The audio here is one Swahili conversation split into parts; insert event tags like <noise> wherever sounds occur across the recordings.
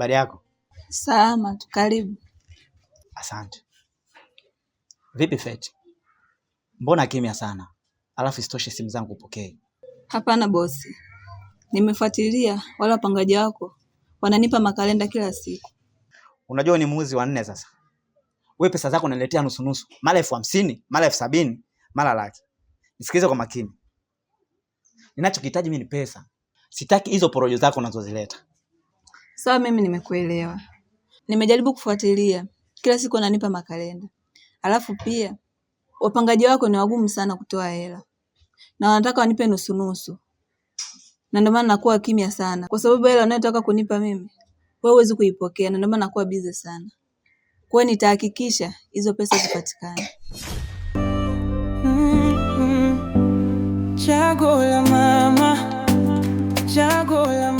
Habari yako? Salama tu, karibu. Asante. Vipi Fet, mbona kimya sana? Alafu isitoshe simu zangu upokee. Hapana bosi, nimefuatilia wale wapangaji wako wananipa makalenda kila siku. Unajua ni muuzi wa nne sasa. Wewe pesa zako unaletea nusu nusu, mara elfu hamsini mara elfu sabini mara laki. Nisikilize kwa makini, ninachokihitaji mimi ni pesa. Sitaki hizo porojo zako unazozileta. Sawa mimi nimekuelewa. Nimejaribu kufuatilia. Kila siku wananipa makalenda. Alafu pia, wapangaji wako ni wagumu sana kutoa hela. Na wanataka wanipe nusu nusu. Na ndio maana nakuwa kimya sana. Kwa sababu hela unayotaka kunipa mimi, wewe huwezi kuipokea na ndio maana nakuwa bize sana. Kwa hiyo nitahakikisha hizo pesa zipatikane. Mm-hmm. Chaguo la mama. Chaguo la mama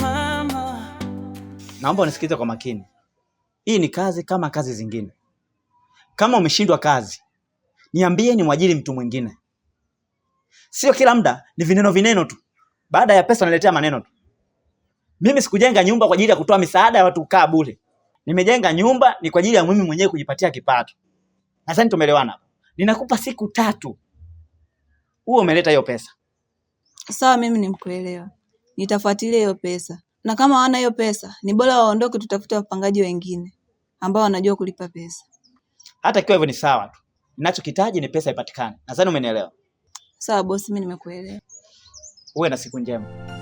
naomba unisikilize kwa makini. Hii ni kazi kama kazi zingine. Kama umeshindwa kazi, niambie ni mwajiri mtu mwingine. Sio kila muda ni vineno vineno tu, baada ya pesa unaletea maneno tu. Mimi sikujenga nyumba kwa ajili ya kutoa misaada ya watu kukaa bure. Nimejenga nyumba ni kwa ajili ya mimi mwenyewe kujipatia kipato. Nadhani tumeelewana Ninakupa siku tatu, huo umeleta hiyo pesa sawa. Mimi nimkuelewa, nitafuatilia hiyo pesa na kama hawana hiyo pesa ni bora waondoke, tutafute wapangaji wengine ambao wanajua kulipa pesa. Hata kiwa hivyo ni sawa tu, ninachokitaji ni pesa ipatikane. Nadhani umenielewa. Sawa bosi, mimi nimekuelewa. Uwe na siku njema.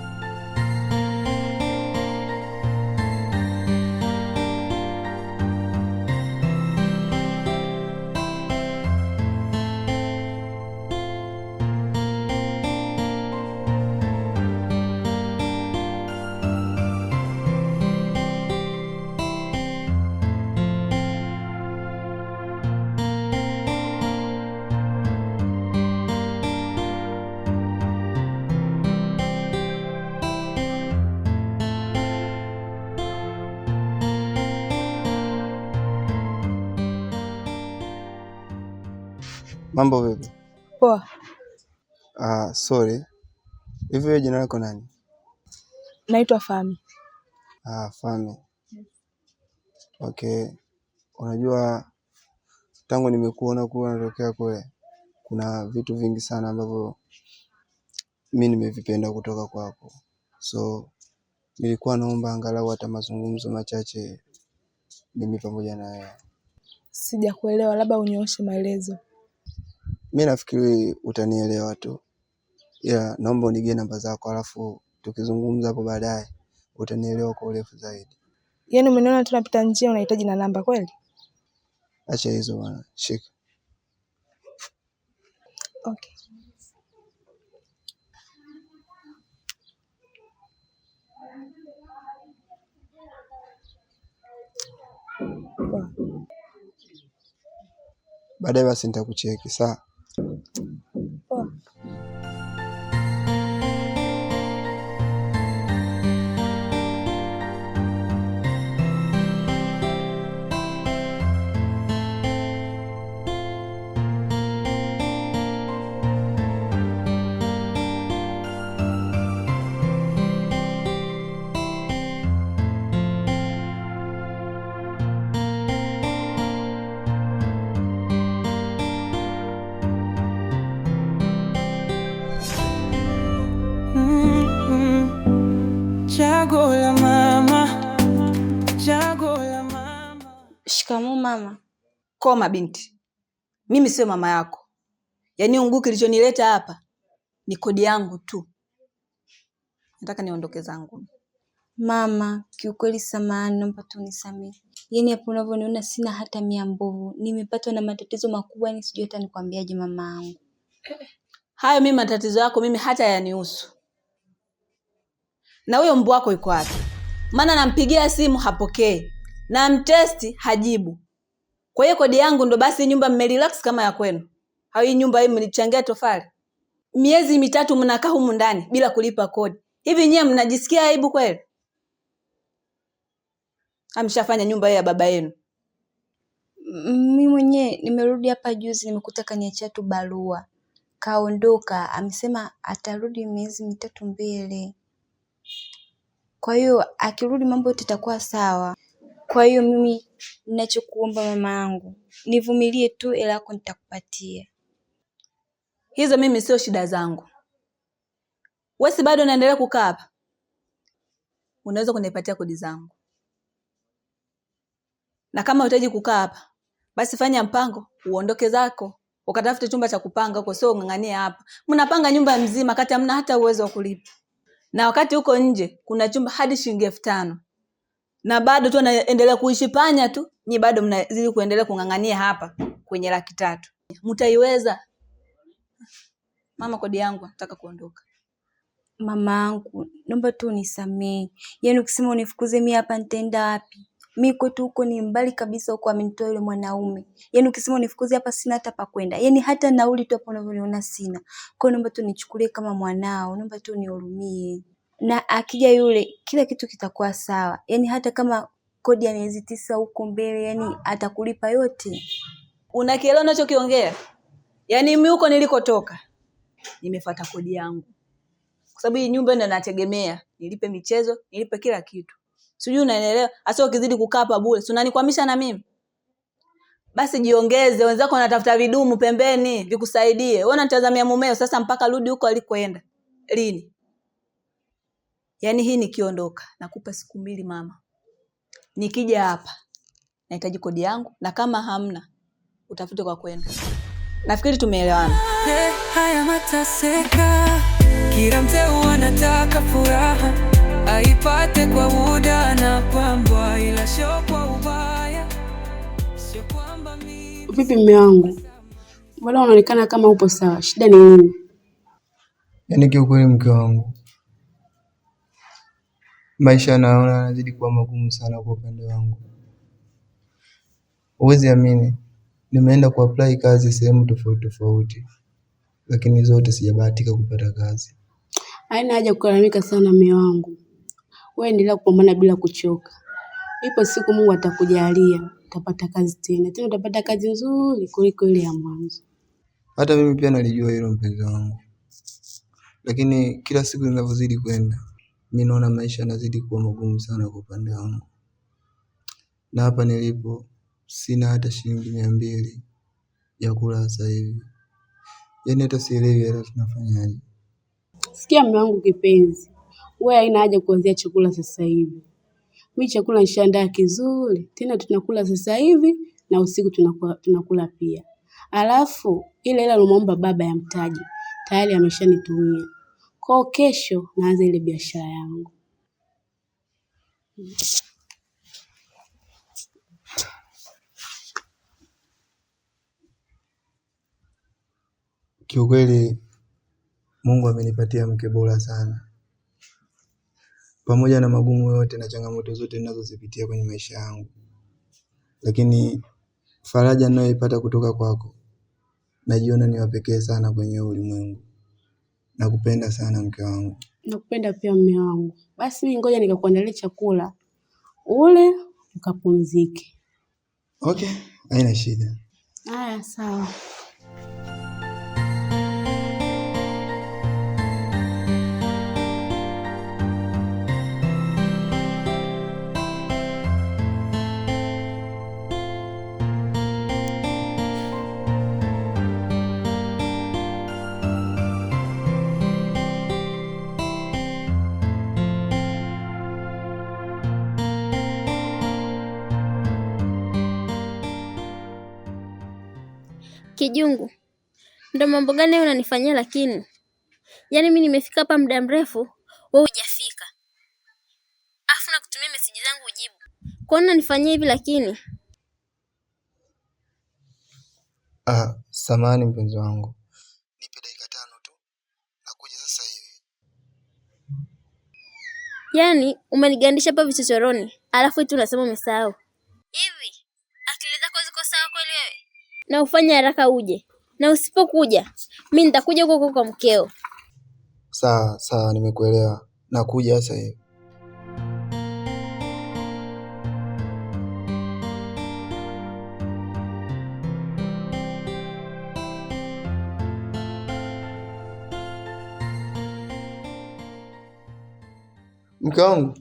Mambo vipi? Poa. Ah, sorry. Hivi wewe jina lako nani? Naitwa Fami. Ah, Fami. Okay. Unajua tangu nimekuona kule unatokea kule kuna vitu vingi sana ambavyo mi nimevipenda kutoka kwako, so nilikuwa naomba angalau hata mazungumzo machache mimi pamoja na wewe. Sijakuelewa, labda unyooshe maelezo. Mi nafikiri utanielewa tu ila naomba unigie namba zako alafu tukizungumza hapo baadaye utanielewa kwa urefu zaidi. yani umeniona tunapita njia unahitaji na namba kweli? Acha hizo bwana, shika. Okay. Baadaye basi nitakucheki saa mama? Koma binti, mimi sio mama yako. Yaani unguu kilichonileta hapa ni kodi yangu tu, nataka niondoke zangu. Mama, kiukweli samahani, naomba tu nisamehe. Yaani hapo unavyoniona sina hata mia mbovu, nimepatwa na matatizo makubwa, ni yaani sijui hata nikwambiaje mama yangu. Hayo mimi matatizo yako mimi hata yanihusu. Na huyo mbwa wako yuko wapi? Maana nampigia simu hapokee, na mtesti hajibu. Kwa hiyo kodi yangu ndo basi nyumba mmerelax kama ya kwenu. Hii nyumba hii mlichangia tofali. Miezi mitatu mnakaa humu ndani bila kulipa kodi. Hivi nyie mnajisikia aibu kweli? Amshafanya nyumba hiyo ya baba yenu. Mimi mwenyewe nimerudi hapa juzi, nimekuta kaniachia tu barua, kaondoka. Amesema atarudi miezi mitatu mbele, kwa hiyo akirudi mambo yote itakuwa sawa. Kwa hiyo mimi ninachokuomba mama yangu, nivumilie tu, ila yako nitakupatia. Hizo mimi sio shida zangu. Wewe si bado unaendelea kukaa hapa, unaweza kunipatia kodi zangu, na kama unahitaji kukaa hapa, basi fanya mpango uondoke zako ukatafute chumba cha kupanga huko, sio ung'ang'anie hapa. Mnapanga nyumba mzima, kati hamna hata uwezo wa kulipa, na wakati huko nje kuna chumba hadi shilingi elfu tano na bado tu anaendelea kuishi panya tu, nyi bado mnazidi kuendelea kung'ang'ania hapa kwenye laki tatu, mtaiweza. Mama, kodi yangu nataka kuondoka. Mama yangu, naomba tu unisamehe. Yaani ukisema unifukuze mi hapa nitaenda wapi? Mimi kwetu huko ni mbali kabisa, huko amenitoa yule mwanaume. Yaani ukisema unifukuze hapa sina hata pa kwenda. Yaani hata nauli tu hapo unavyoniona sina. Kwa hiyo naomba tu nichukulie kama mwanao, naomba tu nihurumie na akija yule kila kitu kitakuwa sawa, yaani hata kama kodi ya miezi tisa huko mbele, yani atakulipa yote. Unakielewa unachokiongea? Yaani mimi huko nilikotoka nimefuata kodi yangu, kwa sababu hii nyumba ndio nategemea, nilipe michezo, nilipe kila kitu, sijui unaelewa. Hasa ukizidi kukaa hapa bure, si unanikwamisha na mimi basi jiongeze, wenzako wanatafuta vidumu pembeni vikusaidie. Wewe unatazamia mumeo sasa mpaka rudi huko alikoenda lini? Yaani hii nikiondoka nakupa siku mbili mama. Nikija hapa nahitaji kodi yangu na kama hamna utafute kwa kwenda. Nafikiri tumeelewana. Hey, haya mataseka. Kila mtu anataka furaha aipate kwa muda na pambwa, ila sio kwa ubaya. Sio kwamba mimi. Vipi mume wangu? Mbona unaonekana kama upo sawa? Shida ni nini? Yaani kiukweli mke wangu maisha naona yanazidi kuwa magumu sana kwa upande wangu. Huwezi amini, nimeenda kuapply kazi sehemu tofauti tofauti, lakini zote sijabahatika kupata kazi. Haina haja kulalamika sana mume wangu. Wewe endelea kupambana bila kuchoka. Ipo siku Mungu atakujalia, utapata kazi tena. Tena utapata kazi nzuri kuliko ile ya mwanzo. Hata mimi pia nalijua hilo mpenzi wangu, lakini kila siku zinavyozidi kwenda mi naona maisha yanazidi kuwa magumu sana kwa upande wangu. Na hapa nilipo sina hata shilingi mia mbili ya kula sasa hivi. Yaani hata sielewi hata tunafanyaje. Sikia mume wangu kipenzi, wewe haina haja kuanzia chakula sasa hivi. Mi chakula nishaandaa kizuri, tena tunakula sasa hivi na usiku tunakula, tunakula pia. Alafu ile ile nimeomba baba ya mtaji tayari ameshanitumia kwa kesho naanza ile biashara yangu. Kiukweli Mungu amenipatia mke bora sana. Pamoja na magumu yote na changamoto zote ninazozipitia kwenye maisha yangu, lakini faraja ninayoipata kutoka kwako najiona ni wa pekee sana kwenye ulimwengu. Nakupenda sana mke wangu. Nakupenda pia mme wangu. Basi mimi ngoja nikakuandalia chakula ule ukapumzike. Okay, haina shida. Haya, sawa. Kijungu ndo mambo gani unanifanyia lakini? Yaani mi nimefika hapa muda mrefu, wewe hujafika, afu kutumia meseji zangu ujibu. Kwa nini unanifanyia hivi lakini? Ah, samahani mpenzi wangu, nipe dakika tano tu, nakuja sasa hivi. Yaani umenigandisha hapa vichochoroni, alafu tu unasema umesahau. na ufanye haraka uje, na usipokuja mi nitakuja huko kwa mkeo. Sawa sawa, nimekuelewa, nakuja sasa hivi. Mke wangu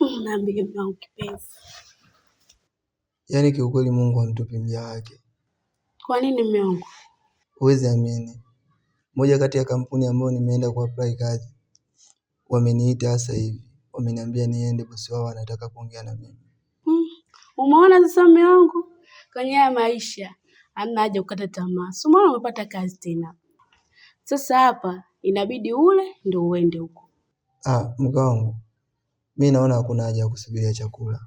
mke wangu kipenzi Yaani kiukweli Mungu amtupi mja wake. Kwa nini mume wangu? Huwezi amini. Moja kati ya kampuni ambayo nimeenda kuapply kazi. Wameniita sasa hivi. Wameniambia niende bosi wao anataka kuongea na mimi. Hmm. Umeona sasa mume wangu? Kwenye haya maisha hamna haja kukata tamaa. Si umeona umepata kazi tena. Sasa hapa inabidi ule ndio uende huko. Ah, mke wangu. mi naona hakuna haja ya kusubiria chakula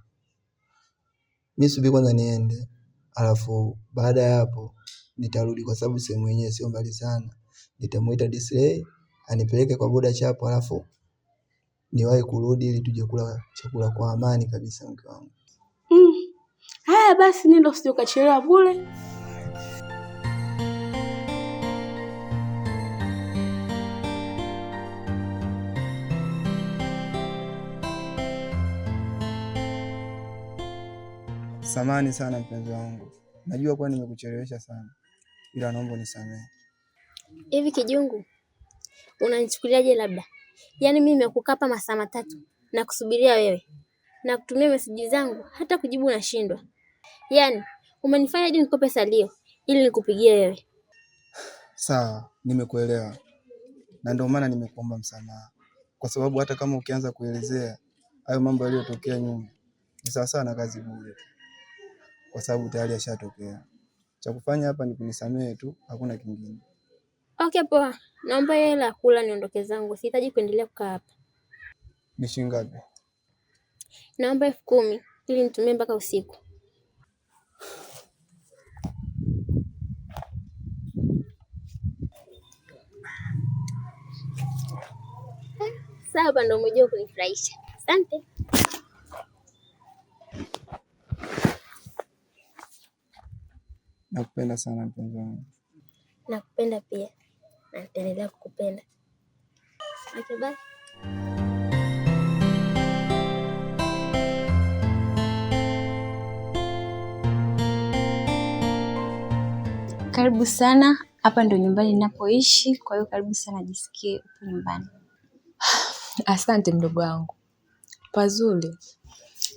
mi subiri kwanza niende, alafu baada ya hapo nitarudi, kwa sababu sehemu yenyewe sio mbali sana. Nitamuita Disley anipeleke kwa boda chapo, alafu niwahi kurudi ili tuje kula chakula kwa amani kabisa, mke wangu. Mm. Haya, basi nenda, usije ukachelewa bure. Samani sana mpenzi wangu, najua kuwa nimekuchelewesha sana, ila naomba unisamehe. Hivi Kijungu, unanichukuliaje? Labda yaani mimi nimekukapa masaa matatu na kusubiria wewe na kutumia meseji zangu, hata kujibu unashindwa. Yaani umenifanya hadi nikope salio ili nikupigie wewe. Sawa, nimekuelewa na ndio maana nimekuomba msamaha, kwa sababu hata kama ukianza kuelezea hayo mambo yaliyotokea nyuma ni sawasawa na kazi bure kwa sababu tayari yashatokea. Cha kufanya hapa ni kunisamehe tu, hakuna kingine. Okay, poa. Naomba hela kula niondoke zangu, sihitaji kuendelea kukaa hapa. Ni shilingi ngapi? Naomba elfu kumi ili nitumie mpaka usiku. Sasa ndo umejua kunifurahisha. Asante. Nakupenda sana mpenzi wangu. Nakupenda pia na nitaendelea kukupenda. Okay, bye. Karibu sana, hapa ndo nyumbani ninapoishi, kwa hiyo karibu sana, jisikie uko nyumbani. <sighs> Asante mdogo wangu, pazuri.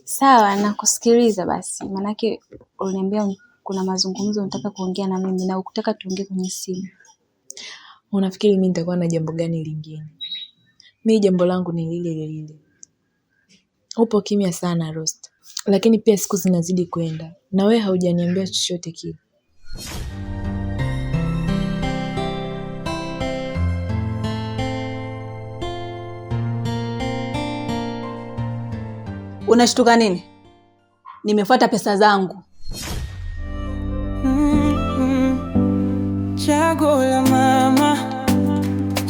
Sawa, nakusikiliza basi, maanake uliniambia kuna mazungumzo unataka kuongea na mimi na ukutaka tuongee kwenye simu. Unafikiri mimi nitakuwa na jambo gani lingine? mi jambo langu ni lile lile. Upo kimya sana Rost, lakini pia siku zinazidi kwenda na wewe haujaniambia chochote kile. Unashtuka nini? Nimefuata pesa zangu Chaguo la mama,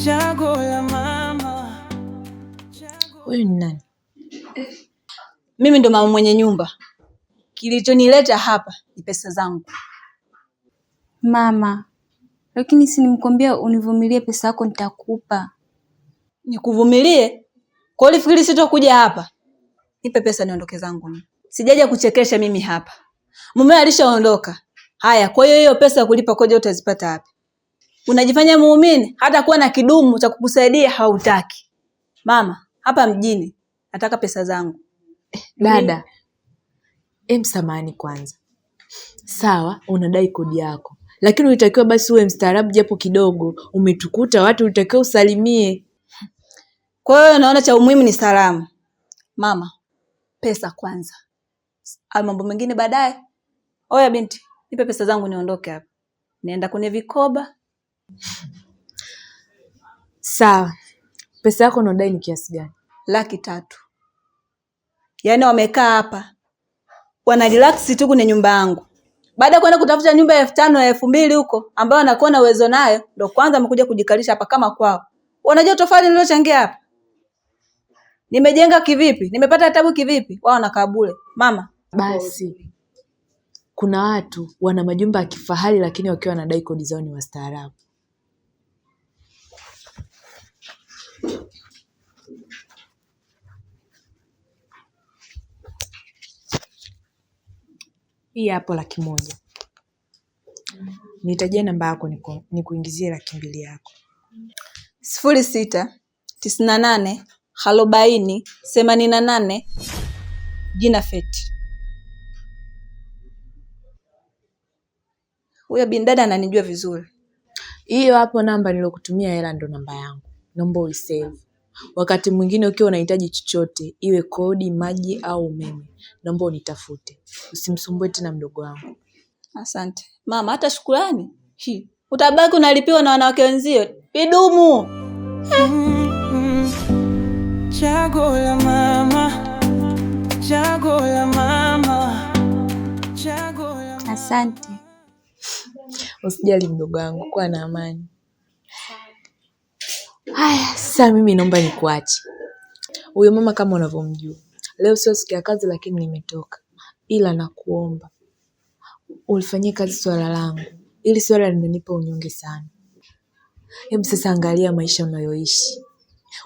chaguo la mama. Huyu ni nani? Mimi ndo mama mwenye nyumba. Kilichonileta hapa ni pesa zangu mama, lakini si nimkwambia univumilie pesa yako nitakupa. Nikuvumilie? Kwa hiyo ulifikiri sitokuja hapa? Nipe pesa niondoke zangu. Sijaja kuchekesha mimi hapa. Mume alishaondoka Haya, kwa hiyo hiyo pesa ya kulipa kodi utazipata wapi? Unajifanya muumini, hata kuwa na kidumu cha kukusaidia hautaki. Mama, hapa mjini nataka pesa zangu. dada em, samani kwanza. Sawa, unadai kodi yako, lakini ulitakiwa basi uwe mstaarabu japo kidogo. Umetukuta watu, ulitakiwa usalimie. Kwa hiyo naona cha umuhimu ni salamu. Mama, pesa kwanza, au mambo mengine baadaye. Oya binti nipe pesa zangu niondoke hapa, nienda kwenye vikoba. Sawa, pesa yako unaodai ni kiasi gani? Laki tatu. Yaani wamekaa hapa wana relax tu kwenye nyumba yangu, baada ya kwenda kutafuta nyumba ya elfu tano ya elfu mbili huko ambayo wanakuwa na uwezo nayo, ndo kwanza amekuja kujikalisha hapa kama kwao. Wanajua tofali nilochangia hapa nimejenga kivipi, nimepata tabu kivipi? Wao wanakaa bure. Mama basi kuna watu wana majumba ya kifahari lakini wakiwa wanadai kodi zao ni wastaarabu. Hii hapo laki moja. Nitajia namba yako nikuingizie laki mbili yako. sifuri sita tisini na nane arobaini themanini na nane jina Feti. Huyo bindada ananijua vizuri. Hiyo hapo namba nilokutumia hela ndo namba yangu, naomba uisave. Wakati mwingine ukiwa unahitaji chochote, iwe kodi, maji au umeme, naomba unitafute. Usimsumbue tena mdogo wangu. Asante mama. Hata shukurani hi utabaki unalipiwa na wanawake wenzio. Idumu chago la mama, chago la mama, chago la mama. Asante. Usijali mdogo wangu, kuwa na amani. Haya, sasa mimi naomba nikuache. Huyo mama kama unavyomjua, leo sio siku ya kazi, lakini nimetoka, ila nakuomba ulifanyie kazi swala langu, ili swala linanipa unyonge sana. Hebu sasa angalia maisha unayoishi,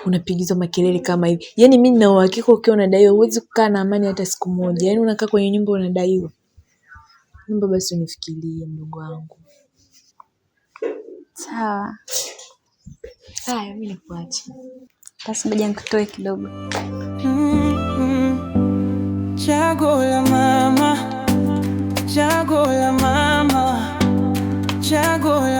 unapigizwa makelele kama hivi. Yaani mimi nina uhakika ukiwa unadaiwa huwezi kukaa na amani hata siku moja. Yaani unakaa kwenye nyumba unadaiwa. Naomba basi unifikirie mdogo wangu. Sawa. Haya, mimi nikuache basi, ngoja nikutoe kidogo. mm Chaguo la mama, chaguo la mama, chaguo la